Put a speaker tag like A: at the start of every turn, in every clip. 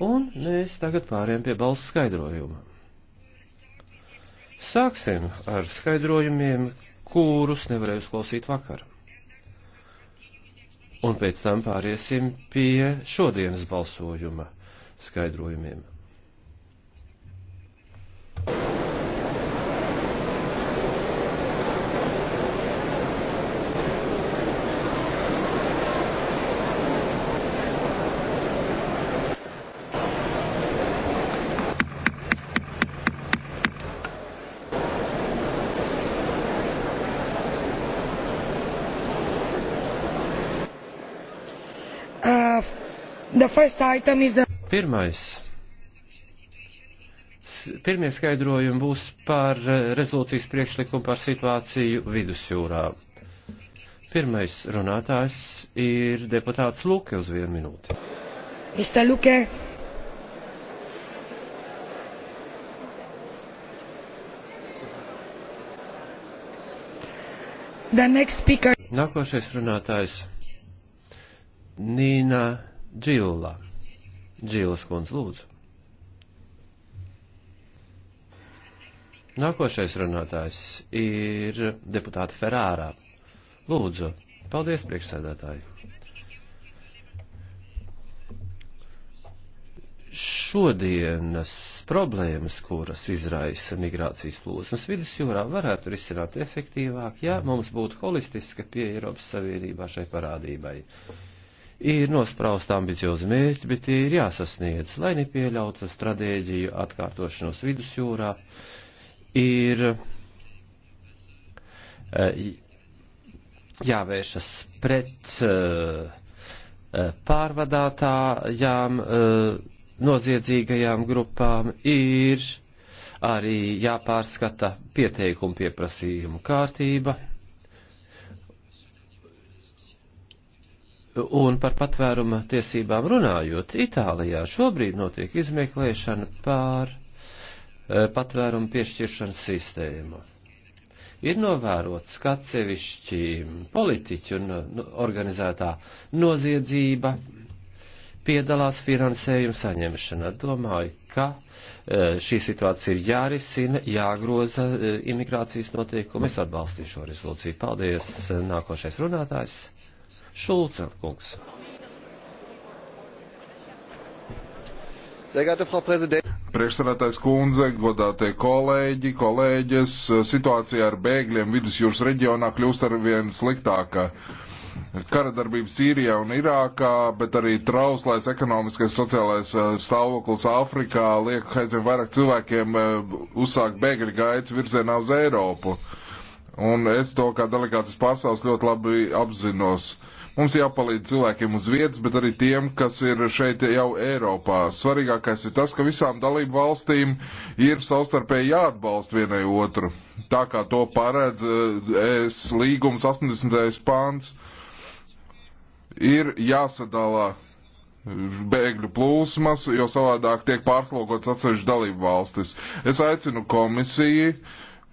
A: Un mēs tagad pāriem pie balss skaidrojuma. Sāksim ar skaidrojumiem, kurus nevarēju uzklausīt vakar. Un pēc tam pāriesim pie šodienas balsojuma skaidrojumiem. First item is the... Pirmais. Pirmie skaidrojumi būs par eh, rezolūcijas priekšlikumu par situāciju vidusjūrā. Pirmais runātājs ir deputāts Luke uz vienu minūti. Mr. Luke.
B: The next speaker.
A: Nākošais runātājs Nīna Džilla. Džillas kundz, lūdzu. Nākošais runātājs ir deputāta Ferārā. Lūdzu, paldies priekšsēdētāji. Šodienas problēmas, kuras izraisa migrācijas plūsmas vidusjūrā, varētu risināt efektīvāk, ja mums būtu holistiska pieeja Eiropas Savienībā šai parādībai ir nospraust ambiciozi mērķi, bet tie ir jāsasniedz, lai nepieļautu stratēģiju atkārtošanos vidusjūrā. Ir eh, jāvēršas pret eh, pārvadātājām, eh, noziedzīgajām grupām, ir arī jāpārskata pieteikumu pieprasījumu kārtība Un par patvēruma tiesībām runājot, Itālijā šobrīd notiek izmeklēšana pār eh, patvērumu piešķiršanas sistēmu. Ir novērots, ka atsevišķi politiķi un nu, organizētā noziedzība piedalās finansējuma saņemšanā. Domāju, ka eh, šī situācija ir jārisina, jāgroza eh, imigrācijas noteikumi. Es atbalstīšu šo rezolūciju. Paldies. Nākošais runātājs.
C: Šulcer kungs. Priekšsēdētājs kundze, godātie kolēģi, kolēģis, situācija ar bēgļiem vidusjūras reģionā kļūst ar vien sliktāka. Kara darbība Sīrijā un Irākā, bet arī trauslais ekonomiskais sociālais eh, stāvoklis Āfrikā liek aizvien vairāk cilvēkiem eh, uzsākt bēgļu gaitas virzienā uz Eiropu. Un es to kā delegācijas pārstāvs ļoti labi apzinos. Uh, Mums jāpalīdz cilvēkiem uz vietas, bet arī tiem, kas ir šeit jau Eiropā. Svarīgākais ir tas, ka visām dalību valstīm ir savstarpēji jāatbalsta vienai otru. Tā kā to paredz eh, ES līgums 80. pāns, ir jāsadalā bēgļu plūsmas, jo savādāk tiek pārslogots atsevišķi dalību valstis. Es aicinu komisiju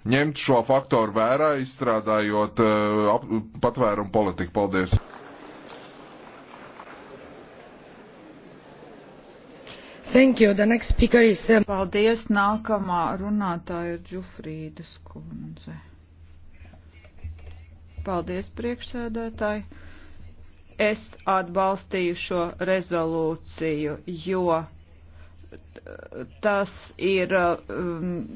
C: ņemt šo faktoru vērā, izstrādājot uh, patvērumu politiku. Paldies!
B: Is... Um, Paldies. Nākamā runātāja ir Džufrīdas kundze. Paldies, priekšsēdētāji. Es atbalstīju šo rezolūciju, jo tas ir um,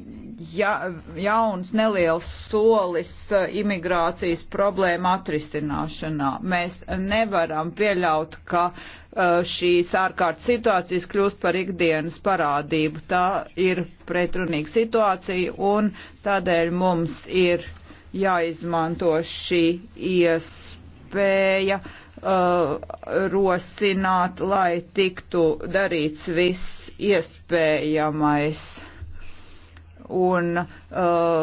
B: ja, jauns neliels solis uh, imigrācijas problēma atrisināšanā. Mēs nevaram pieļaut, ka uh, šīs ārkārtas situācijas kļūst par ikdienas parādību. Tā ir pretrunīga situācija un tādēļ mums ir jāizmanto šī iespēja uh, rosināt, lai tiktu darīts viss iespējamais. Un uh,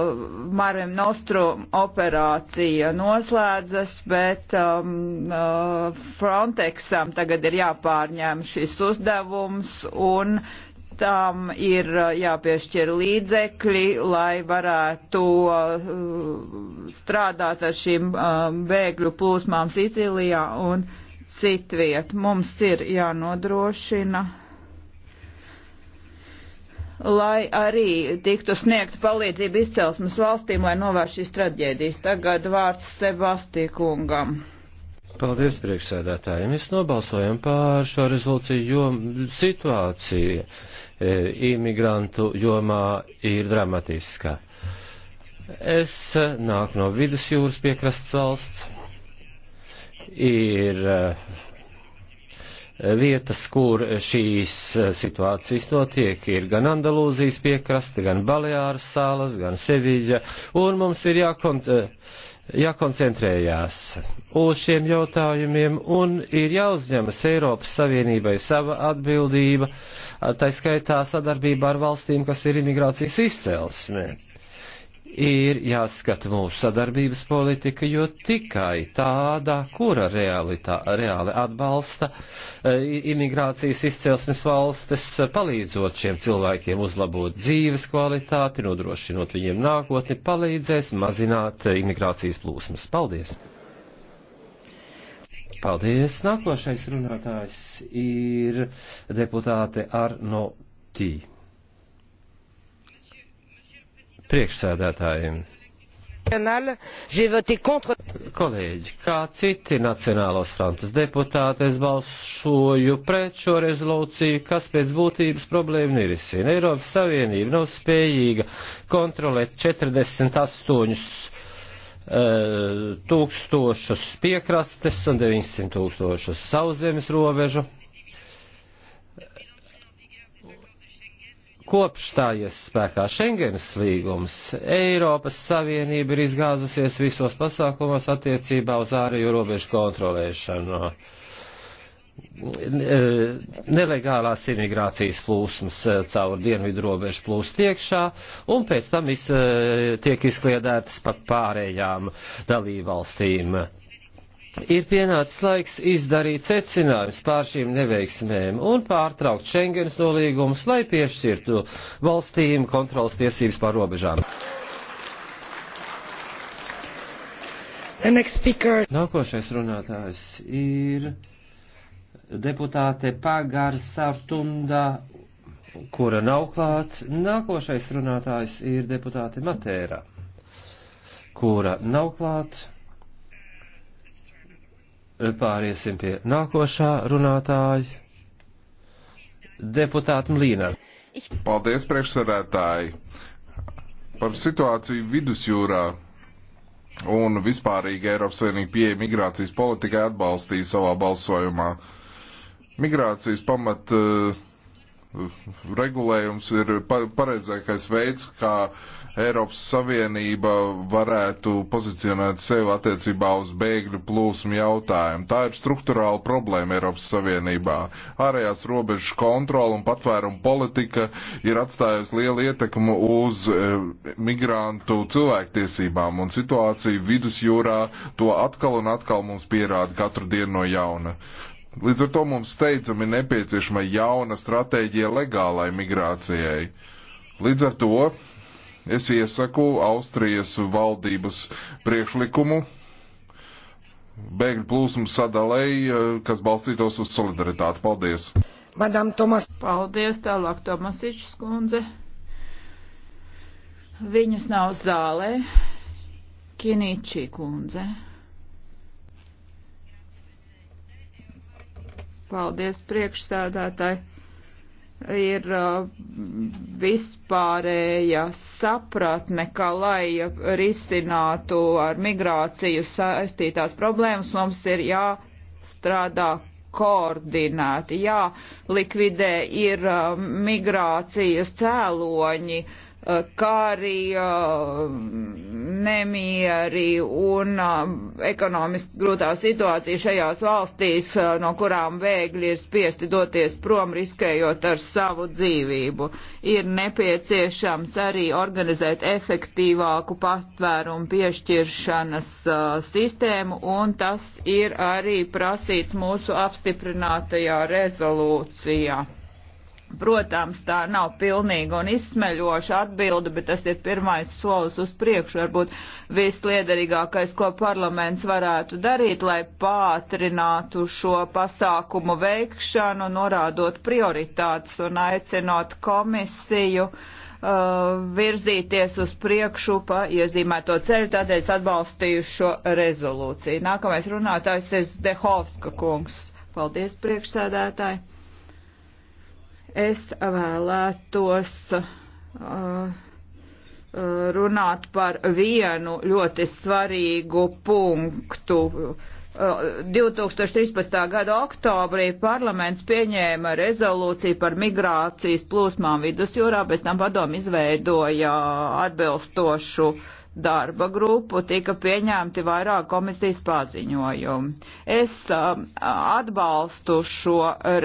B: Marim Nostrum operācija noslēdzas, bet um, uh, Frontexam tagad ir jāpārņem šis uzdevums un tam ir uh, jāpiešķir līdzekļi, lai varētu uh, strādāt ar šīm um, bēgļu plūsmām Sicilijā un citviet. Mums ir jānodrošina lai arī tiktu sniegta palīdzība izcelsmes valstīm, lai novērš šīs traģēdijas. Tagad vārds Sebastikungam.
A: Paldies priekšsēdētājiem. Mēs nobalsojam pār šo rezolūciju, jo situācija e, imigrantu jomā ir dramatiska. Es nāku no vidusjūras piekrastes valsts. Ir e, vietas, kur šīs situācijas notiek, ir gan Andalūzijas piekraste, gan Baleāru salas, gan Sevilla, un mums ir jākon jākoncentrējās uz šiem jautājumiem un ir jāuzņemas Eiropas Savienībai sava atbildība, tā skaitā sadarbībā ar valstīm, kas ir imigrācijas izcelsme ir jāskata mūsu sadarbības politika, jo tikai tāda, kura realitā, reāli atbalsta e, imigrācijas izcelsmes valstis, palīdzot šiem cilvēkiem uzlabot dzīves kvalitāti, nodrošinot viņiem nākotni, palīdzēs mazināt imigrācijas plūsmas. Paldies! Paldies! Nākošais runātājs ir deputāte Arno Tī priekšsēdētājiem.
B: Kolēģi,
A: kā citi Nacionālos frontes deputāti, es balsoju pret šo rezolūciju, kas pēc būtības problēmu nirisina. Eiropas Savienība nav spējīga kontrolēt 48 eh, tūkstošus piekrastes un 900 tūkstošus sauszemes robežu Kopš stājies spēkā Schengenas līgums, Eiropas Savienība ir izgāzusies visos pasākumos attiecībā uz ārējo robežu kontrolēšanu. E, nelegālās imigrācijas plūsmas e, caur dienvidu robežu plūst iekšā un pēc tam iz, e, tiek izkliedētas pa pārējām dalībvalstīm ir pienācis laiks izdarīt secinājums pār šīm neveiksmēm un pārtraukt Schengens nolīgumus, lai piešķirtu valstīm kontrolas tiesības pār robežām. Nākošais runātājs ir deputāte Pagar Sartunda, kura nav klāts. Nākošais runātājs ir deputāte Matēra, kura nav klāts. Pāriesim pie nākošā runātāja. Deputāta
C: Mlīna. Paldies, priekšsarētāji. Par situāciju vidusjūrā un vispārīgi Eiropas Savienība pieeja migrācijas politikai atbalstīja savā balsojumā. Migrācijas pamat uh, regulējums ir pareizākais veids, kā Eiropas Savienība varētu pozicionēt sevi attiecībā uz bēgļu plūsmu jautājumu. Tā ir struktūrāla problēma Eiropas Savienībā. Ārējās robežu kontrola un patvērumu politika ir atstājusi lielu ietekmu uz e, migrantu cilvēktiesībām un situāciju vidusjūrā to atkal un atkal mums pierāda katru dienu no jauna. Līdz ar to mums steidzami nepieciešama jauna stratēģija legālai migrācijai. Līdz ar to es iesaku Austrijas valdības priekšlikumu bēgļu plūsmu sadalēji, eh, kas balstītos uz solidaritāti. Paldies!
B: Madam Tomas. Paldies, tālāk Tomasičs kundze. Viņas nav zālē. Kinīčī kundze. Paldies priekšsēdētāji. Ir uh, vispārēja sapratne, ka, lai risinātu ar migrāciju saistītās problēmas, mums ir jāstrādā koordinēti, jālikvidē ir uh, migrācijas cēloņi kā arī nemieri un ekonomiski grūtā situācija šajās valstīs, no kurām vēgļi ir spiesti doties prom, riskējot ar savu dzīvību. Ir nepieciešams arī organizēt efektīvāku patvērumu piešķiršanas sistēmu, un tas ir arī prasīts mūsu apstiprinātajā rezolūcijā. Protams, tā nav pilnīga un izsmeļoša atbilde, bet tas ir pirmais solis uz priekšu, varbūt visliederīgākais, ko parlaments varētu darīt, lai pātrinātu šo pasākumu veikšanu, norādot prioritātes un aicinot komisiju uh, virzīties uz priekšu pa iezīmēto ceļu, tādēļ es atbalstīju šo rezolūciju. Nākamais runātājs ir Zdehovska kungs. Paldies, priekšsēdētāji! Es vēlētos uh, runāt par vienu ļoti svarīgu punktu. 2013. Uh, gada oktobrī parlaments pieņēma rezolūciju par migrācijas plūsmām vidusjūrā, pēc tam padomu izveidoja atbilstošu darba grupu tika pieņemti vairāk komisijas paziņojumi. Es uh, atbalstu šo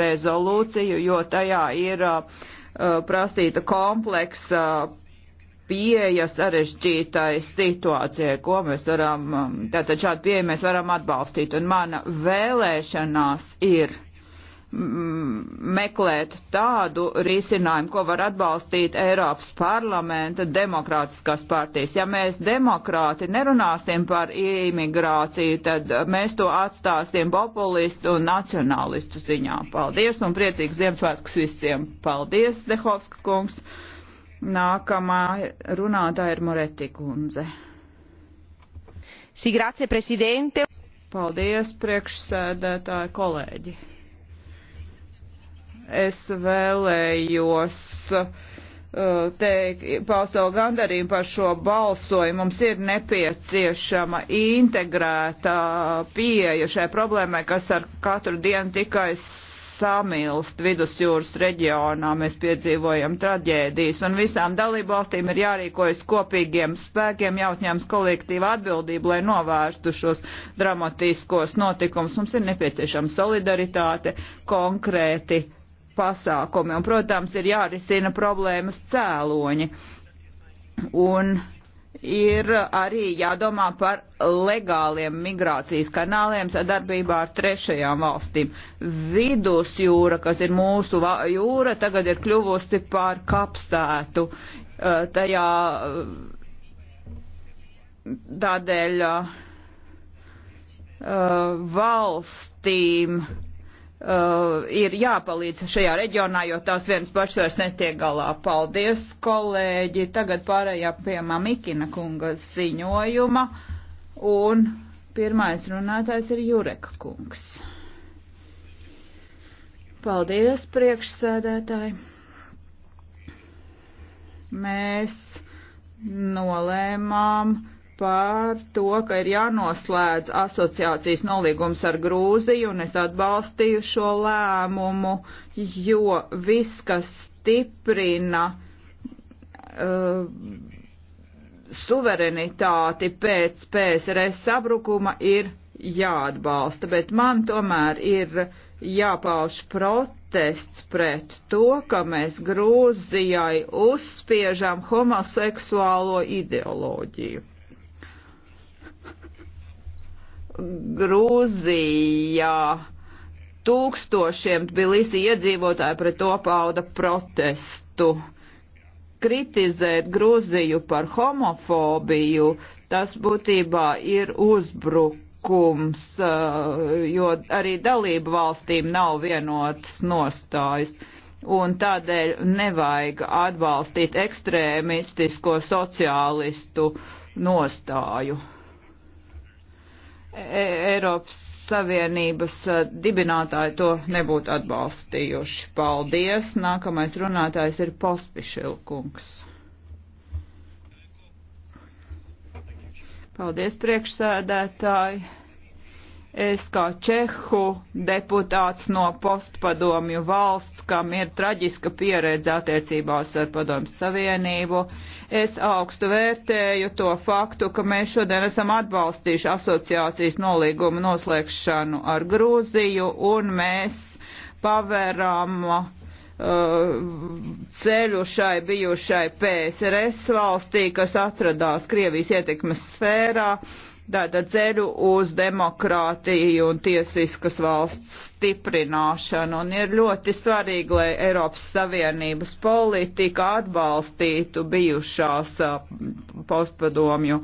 B: rezolūciju, jo tajā ir uh, uh prasīta kompleksa uh, pieeja sarežģītai situācijai, ko mēs varam, um, tātad šādu pieeju mēs varam atbalstīt. Un mana vēlēšanās ir meklēt tādu risinājumu, ko var atbalstīt Eiropas parlamenta demokrātiskās partijas. Ja mēs demokrāti nerunāsim par imigrāciju, tad mēs to atstāsim populistu un nacionālistu ziņā. Paldies un priecīgs Ziemassvētkus visiem. Paldies, Dehovska kungs. Nākamā runātāja ir Moreti kundze. Sī, grazie, prezidente. Paldies, priekšsēdētāji kolēģi es vēlējos uh, teikt, paust savu gandarījumu par šo balsojumu. Mums ir nepieciešama integrēta pieeja šai problēmai, kas ar katru dienu tikai samilst vidusjūras reģionā. Mēs piedzīvojam traģēdijas, un visām dalībvalstīm ir jārīkojas kopīgiem spēkiem, jāuzņems kolektīva atbildība, lai novērstu šos dramatiskos notikumus. Mums ir nepieciešama solidaritāte konkrēti pasākumi. Un, protams, ir jārisina problēmas cēloņi. Un ir arī jādomā par legāliem migrācijas kanāliem sadarbībā ar trešajām valstīm. Vidusjūra, kas ir mūsu jūra, tagad ir kļuvusi par kapsētu. Eh, tajā eh, tādēļ eh, valstīm uh, uh, ir jāpalīdz šajā reģionā, jo tās viens pašs vairs netiek galā. Paldies, kolēģi! Tagad pārējā pie Mamikina kunga ziņojuma, un pirmais runātājs ir Jureka kungs. Paldies, priekšsēdētāji! Mēs nolēmām par to, ka ir jānoslēdz asociācijas nolīgums ar Grūziju, un es atbalstīju šo lēmumu, jo viss, kas stiprina uh, suverenitāti pēc PSRS sabrukuma, ir jāatbalsta, bet man tomēr ir jāpauž protests pret to, ka mēs Grūzijai uzspiežam homoseksuālo ideoloģiju. Grūzijā tūkstošiem Tbilisi iedzīvotāji pret to pauda protestu. Kritizēt Grūziju par homofobiju, tas būtībā ir uzbrukums, eh, jo arī dalību valstīm nav vienotas nostājas un tādēļ nevajag atbalstīt ekstrēmistisko sociālistu nostāju. E, Eiropas Savienības e, dibinātāji to nebūtu atbalstījuši. Paldies! Nākamais runātājs ir Pospišilkungs. Paldies, priekšsēdētāji! Es kā Čehu deputāts no postpadomju valsts, kam ir traģiska pieredze attiecībās ar padomju savienību, es augstu vērtēju to faktu, ka mēs šodien esam atbalstījuši asociācijas nolīgumu noslēgšanu ar Grūziju un mēs paveram uh, ceļu šai bijušai PSRS valstī, kas atradās Krievijas ietekmes sfērā, uh, tāda ceļu uz demokrātiju un tiesiskas valsts stiprināšanu. Un ir ļoti svarīgi, lai Eiropas Savienības politika atbalstītu bijušās postpadomju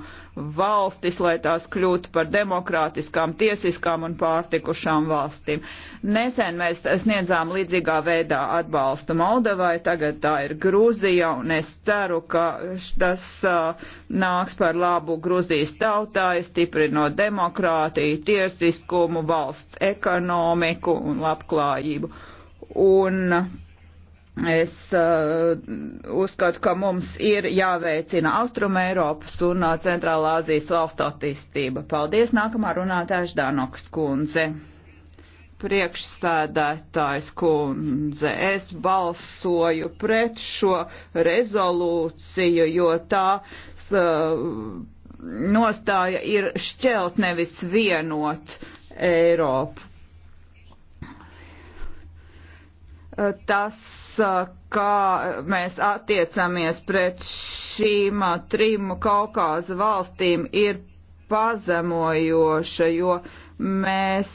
B: valstis, lai tās kļūtu par demokrātiskām, tiesiskām un pārtikušām valstīm. Nesen mēs sniedzām līdzīgā veidā atbalstu Moldovai, tagad tā ir Grūzija, un es ceru, ka tas uh, nāks par labu Grūzijas tautāju, stiprinot demokrātiju, tiesiskumu, valsts ekonomiku un labklājību. Un Es uh, uzskatu, ka mums ir jāveicina Austruma Eiropas un uh, Centrālā Azijas valstu attīstība. Paldies, nākamā runātāja Ždanoks kundze. Priekšsēdētājs kundze, es balsoju pret šo rezolūciju, jo tā uh, nostāja ir šķelt nevis vienot Eiropu tas, kā mēs attiecamies pret šīm trim Kaukāza valstīm, ir pazemojoša, jo mēs,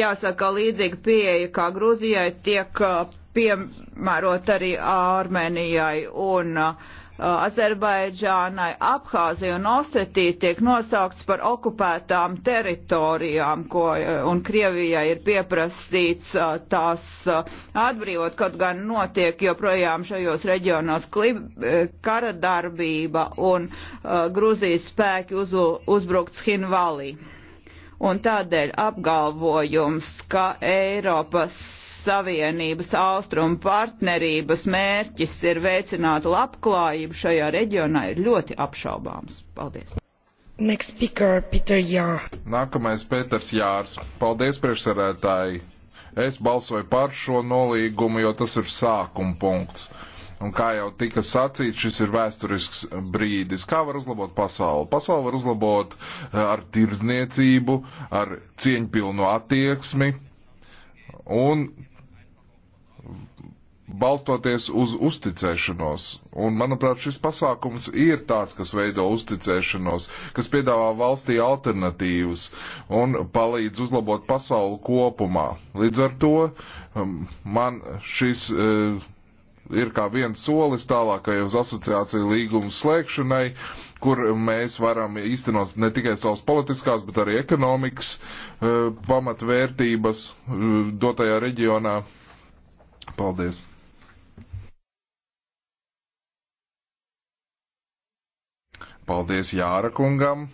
B: jāsaka, līdzīga pieeja kā Gruzijai tiek piemērot arī Armenijai un uh, Azerbaidžānai Abhāzija un Osetija tiek nosaukts par okupētām teritorijām, ko, eh, un Krievijai ir pieprasīts eh, tās eh, atbrīvot, kaut gan notiek joprojām šajos reģionos klib, kara darbība un uh, Gruzijas spēki uz, uzbrukts Hinvalī. Un tādēļ apgalvojums, ka Eiropas Savienības austrumu partnerības mērķis ir veicināt labklājību šajā reģionā ir ļoti apšaubāms. Paldies!
C: Next speaker, Peter Jār. Nākamais Pēters Jārs. Paldies, priekšsarētāji. Es balsoju par šo nolīgumu, jo tas ir sākuma punkts. Un kā jau tika sacīts, šis ir vēsturisks brīdis. Kā var uzlabot pasauli? Pasauli var uzlabot eh, ar tirzniecību, ar cieņpilnu attieksmi un balstoties uz uzticēšanos. Un, manuprāt, šis pasākums ir tāds, kas veido uzticēšanos, kas piedāvā valstī alternatīvas un palīdz uzlabot pasauli kopumā. Līdz ar to um, man šis uh, ir kā viens solis tālākai uz asociāciju līgumu slēgšanai, kur mēs varam īstenot ne tikai savas politiskās, bet arī ekonomikas uh, pamatvērtības uh, dotajā reģionā. Paldies! Paldies Jāra kungam.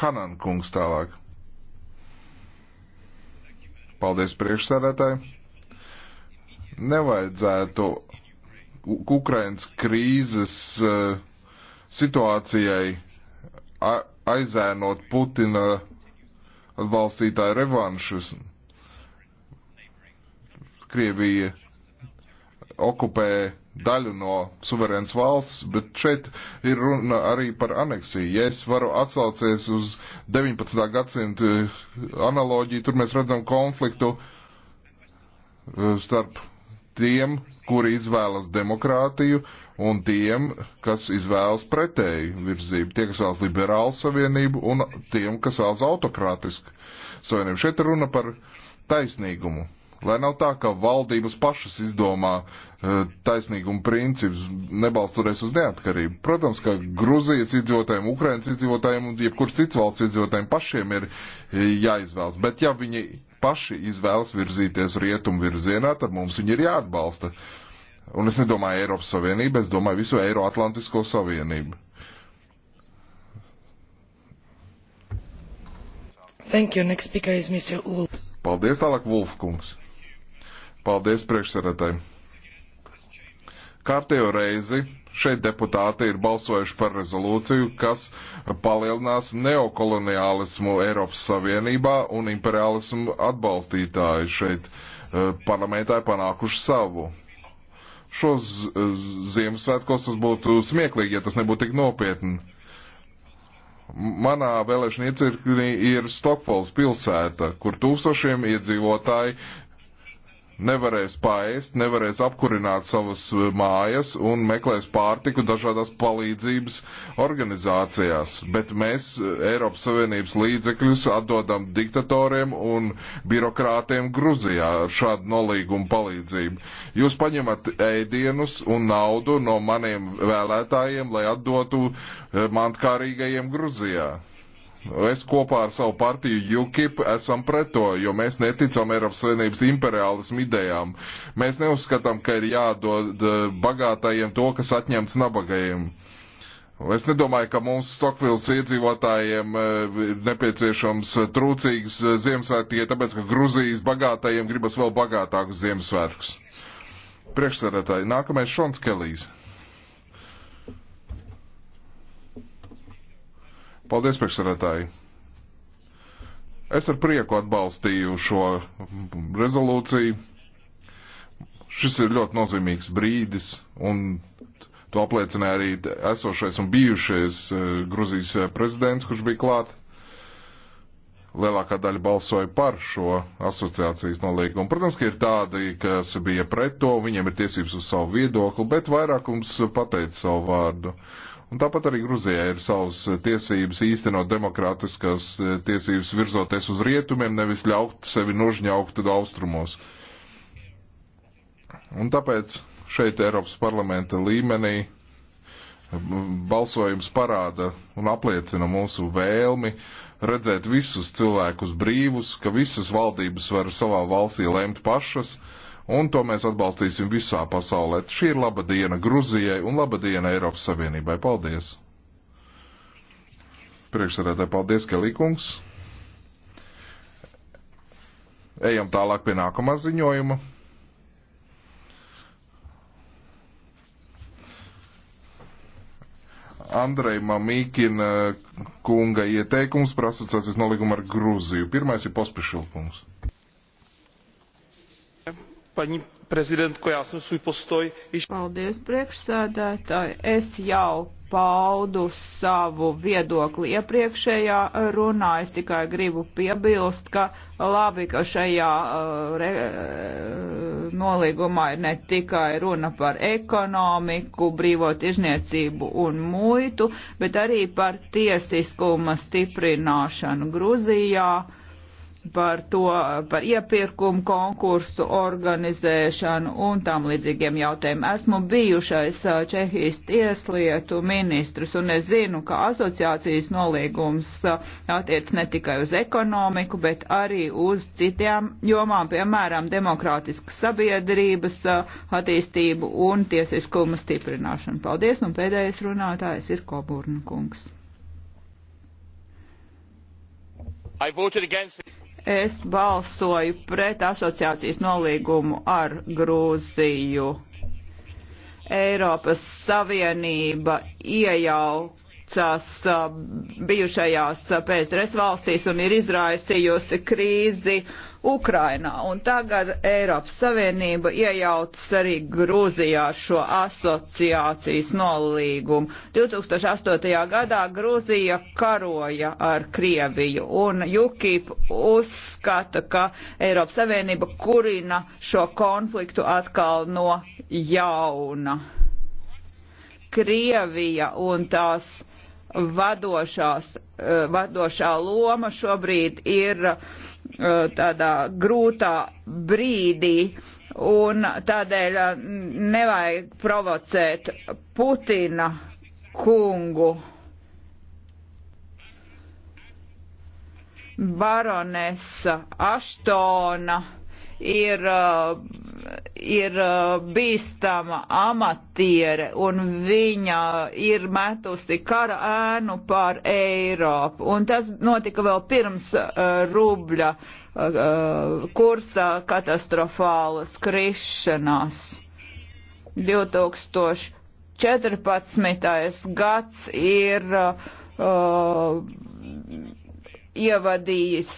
C: Hanan kungs tālāk. Paldies priekšsēdētāji. Nevajadzētu Ukrainas krīzes uh, situācijai aizēnot Putina atbalstītāju revanšas. Krievija okupē daļu no suverēnas valsts, bet šeit ir runa arī par aneksiju. Ja es varu atsaucies uz 19. gadsimta eh, analoģiju, tur mēs redzam konfliktu eh, starp tiem, kuri izvēlas demokrātiju, un tiem, kas izvēlas pretēju virzību. Tie, kas vēlas liberālu savienību, un tiem, kas vēlas autokrātisku savienību. Šeit runa par taisnīgumu. Lai nav tā, ka valdības pašas izdomā e, taisnīguma principus, nebalstoties uz neatkarību. Protams, ka Gruzijas iedzīvotājiem, Ukrainas iedzīvotājiem un jebkur cits valsts iedzīvotājiem pašiem ir e, jāizvēlas. Bet ja viņi paši izvēlas virzīties rietumu virzienā, tad mums viņi ir jāatbalsta. Un es nedomāju Eiropas Savienību, es domāju visu Eiroatlantisko Savienību.
A: Thank you. Next speaker
C: is Mr. Ulf. Paldies tālāk, Vulfkungs. Paldies priekšsarētāji. Kārtējo reizi šeit deputāti ir balsojuši par rezolūciju, kas palielinās neokoloniālismu Eiropas Savienībā un imperialismu atbalstītāji šeit eh, parlamentā ir panākuši savu. Šos Ziemassvētkos tas būtu smieklīgi, ja tas nebūtu tik nopietni. Manā vēlēšana iecirknī ir Stokpols pilsēta, kur tūkstošiem iedzīvotāji nevarēs paēst, nevarēs apkurināt savas e, mājas un meklēs pārtiku dažādās palīdzības organizācijās. Bet mēs e, Eiropas Savienības līdzekļus atdodam diktatoriem un birokrātiem Gruzijā ar šādu nolīgumu palīdzību. Jūs paņemat ēdienus un naudu no maniem vēlētājiem, lai atdotu e, mantkārīgajiem Gruzijā. Es kopā ar savu partiju UKIP esam pret to, jo mēs neticam Eiropas Savienības imperiālismu idejām. Mēs neuzskatām, ka ir jādod eh, bagātajiem to, kas atņemts nabagajiem. Es nedomāju, ka mūsu Stokvils iedzīvotājiem eh, ir nepieciešams eh, trūcīgs Ziemassvētku tikai tāpēc, ka Gruzijas bagātajiem gribas vēl bagātākus Ziemassvētkus. Priekšsēdētāji, nākamais Šons Kelijs. Paldies, priekšsarētāji! Es ar prieku atbalstīju šo rezolūciju. Šis ir ļoti nozīmīgs brīdis, un to apliecināja arī esošais un bijušais eh, Gruzijas eh, prezidents, kurš bija klāt. Lielākā daļa balsoja par šo asociācijas nolīgumu. Protams, ka ir tādi, kas bija pret to, viņiem ir tiesības uz savu viedokli, bet vairākums pateica savu vārdu. Un tāpat arī Gruzijai ir savas eh, tiesības īstenot demokrātiskās eh, tiesības virzoties uz rietumiem, nevis ļaut sevi nožņaukt austrumos. Un tāpēc šeit Eiropas parlamenta līmenī eh, balsojums parāda un apliecina mūsu vēlmi redzēt visus cilvēkus brīvus, ka visas valdības var savā valstī lemt pašas, uh, un to mēs atbalstīsim visā pasaulē. Šī ir laba diena Gruzijai un laba diena Eiropas Savienībai. Paldies! Priekšsarētāji, paldies, Kelīkungs! Ejam tālāk pie nākamā ziņojuma. Andreja Mamīkina eh, kunga ieteikums par asociācijas nolīgumu ar Grūziju. Pirmais ir pospešilkums paní prezidentko já jsem svůj postoj
B: již. paldies priekšsēdētāji es jau paudu savu viedokli iepriekšējā runā es tikai gribu piebilst ka labi ka šajā uh, re, uh, nolīgumā ir ne tikai runa par ekonomiku brīvo tirzniecību un muitu bet arī par tiesiskuma stiprināšanu Gruzijā par to, par iepirkumu konkursu organizēšanu un tam līdzīgiem jautājumiem. Esmu bijušais Čehijas tieslietu ministrs un es zinu, ka asociācijas nolīgums attiec ne tikai uz ekonomiku, bet arī uz citām jomām, piemēram, demokrātiskas sabiedrības attīstību un tiesiskuma stiprināšanu. Paldies, un pēdējais runātājs ir Koburna kungs.
C: I voted against it.
B: Es balsoju pret asociācijas nolīgumu ar Grūziju. Eiropas Savienība iejauk piecās bijušajās PSRS valstīs un ir izraisījusi krīzi Ukrainā. Un tagad Eiropas Savienība iejaucas arī Grūzijā šo asociācijas nolīgumu. 2008. gadā Grūzija karoja ar Krieviju un UKIP uzskata, ka Eiropas Savienība kurina šo konfliktu atkal no jauna. Krievija un tās vadošās, eh, vadošā loma šobrīd ir eh, tādā grūtā brīdī, un tādēļ eh, nevajag provocēt Putina kungu. Baronesa Aštona ir uh, ir uh, bīstama amatiere un viņa ir metusi kara ēnu pār Eiropu. Un tas notika vēl pirms uh, rubļa uh, kursa katastrofālas krišanās. 2014. gads ir uh, ievadījis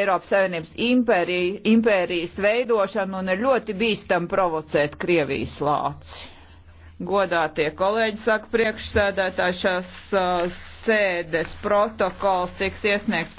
B: Eiropas Savienības impēriju, impērijas veidošanu un ir ļoti bīstam provocēt Krievijas lāci. Godātie kolēģi, saka priekšsēdētāji, šās sēdes protokols tiks iesniegts.